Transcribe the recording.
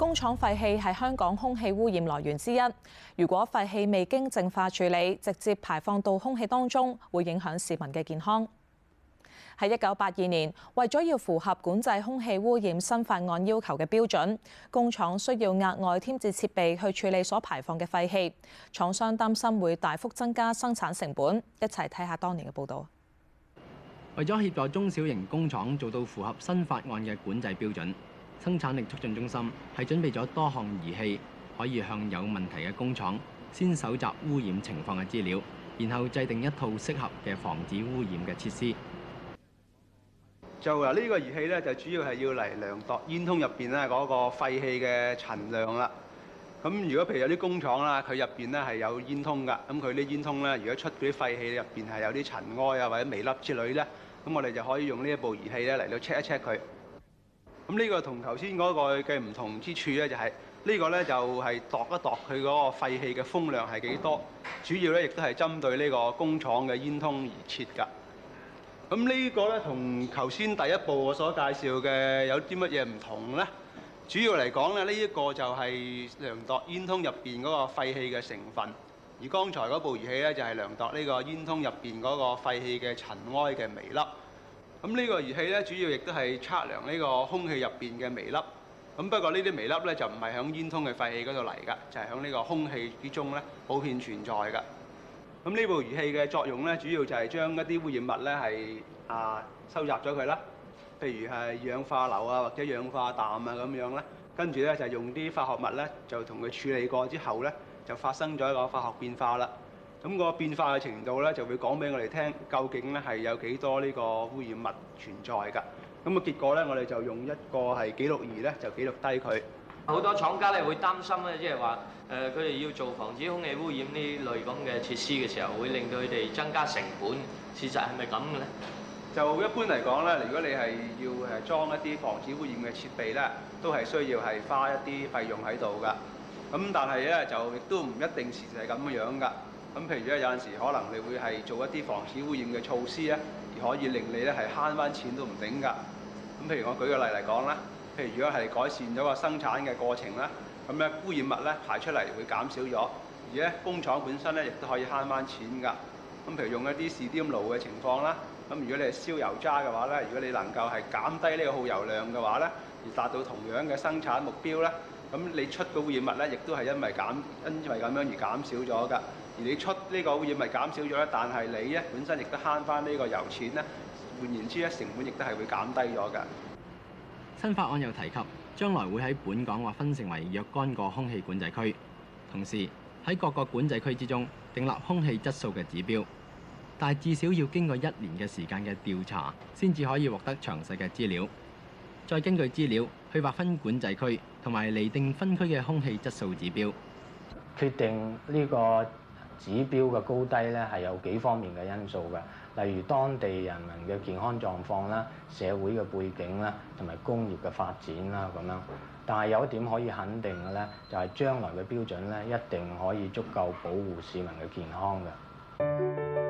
工廠廢氣係香港空氣污染來源之一。如果廢氣未經淨化處理，直接排放到空氣當中，會影響市民嘅健康。喺一九八二年，為咗要符合管制空氣污染新法案要求嘅標準，工廠需要額外添置設備去處理所排放嘅廢氣。廠商擔心會大幅增加生產成本。一齊睇下當年嘅報導。為咗協助中小型工廠做到符合新法案嘅管制標準，生產力促進中心係準備咗多項儀器，可以向有問題嘅工廠先搜集污染情況嘅資料，然後制定一套適合嘅防止污染嘅設施。就話呢個儀器咧，就主要係要嚟量度煙囪入邊咧嗰個廢氣嘅塵量啦。咁如果譬如有啲工廠啦，佢入邊咧係有煙囪噶，咁佢啲煙囪咧，如果出嗰啲廢氣入邊係有啲塵埃啊或者微粒之類咧，咁我哋就可以用呢一部儀器咧嚟到 check 一 check 佢。咁呢個同頭先嗰個嘅唔同之處呢，就係呢個呢，就係度一度佢嗰個廢氣嘅風量係幾多，主要呢，亦都係針對呢個工廠嘅煙囪而設㗎。咁呢個呢，同頭先第一部我所介紹嘅有啲乜嘢唔同呢？主要嚟講呢，呢一個就係量度煙囪入邊嗰個廢氣嘅成分，而剛才嗰部儀器呢，就係量度呢個煙囪入邊嗰個廢氣嘅塵埃嘅微粒。咁呢個儀器咧，主要亦都係測量呢個空氣入邊嘅微粒。咁不過呢啲微粒咧，就唔係響煙通嘅廢氣嗰度嚟噶，就係響呢個空氣之中咧普遍存在噶。咁呢部儀器嘅作用咧，主要就係將一啲污染物咧係啊收集咗佢啦。譬如係氧化硫啊，或者氧化氮啊咁樣啦。跟住咧就用啲化學物咧，就同佢處理過之後咧，就發生咗一個化學變化啦。咁個變化嘅程度咧，就會講俾我哋聽，究竟咧係有幾多呢個污染物存在㗎？咁啊，結果咧，我哋就用一個係記錄儀咧，就記錄低佢。好多廠家咧會擔心咧，即係話誒，佢哋要做防止空氣污染呢類咁嘅設施嘅時候，會令到佢哋增加成本。事實係咪咁嘅咧？就一般嚟講咧，如果你係要誒裝一啲防止污染嘅設備咧，都係需要係花一啲費用喺度㗎。咁但係咧，就亦都唔一定事實係咁嘅樣㗎。咁譬如有陣時，可能你會係做一啲防止污染嘅措施咧，而可以令你咧係慳翻錢都唔定㗎。咁譬如我舉個例嚟講啦，譬如如果係改善咗個生產嘅過程啦，咁咧污染物咧排出嚟會減少咗，而咧工廠本身咧亦都可以慳翻錢㗎。咁譬如用一啲試點爐嘅情況啦，咁如果你係燒油渣嘅話咧，如果你能夠係減低呢個耗油量嘅話咧，而達到同樣嘅生產目標咧，咁你出個污染物咧亦都係因為減因為咁樣而減少咗㗎。你出呢個污染咪減少咗咧？但係你咧本身亦都慳翻呢個油錢咧。換言之咧，成本亦都係會減低咗㗎。新法案又提及，將來會喺本港劃分成為若干個空氣管制區，同時喺各個管制區之中訂立空氣質素嘅指標。但係至少要經過一年嘅時間嘅調查，先至可以獲得詳細嘅資料，再根據資料去劃分管制區同埋釐定分區嘅空氣質素指標。決定呢、這個指標嘅高低咧係有幾方面嘅因素嘅，例如當地人民嘅健康狀況啦、社會嘅背景啦、同埋工業嘅發展啦咁樣。但係有一點可以肯定嘅咧，就係將來嘅標準咧一定可以足夠保護市民嘅健康嘅。